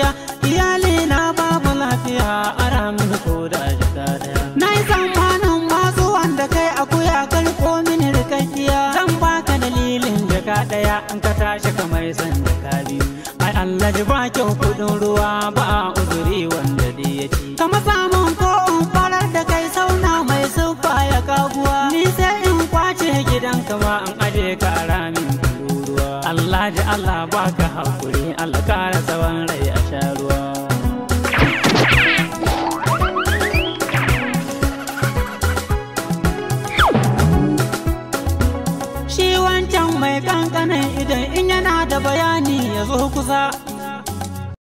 gaskiya iyali na babu lafiya ara mini ko da jita daya na yi tsammanin masu wanda kai akuya karko mini rikakkiya zan baka dalilin jaka daya in ka tashi kamar san jaka biyu ai Allah ji ba kyau kudin ruwa ba a uzuri wanda dai ya ci samun ko in farar da kai sauna mai sufa ya kaguwa ni sai in kwace gidan kama in aje ka ramin Allah ji Allah baka hakuri Allah kara tsawon rai shi wancan mai kankanin idan in yana da bayani ya zo kusa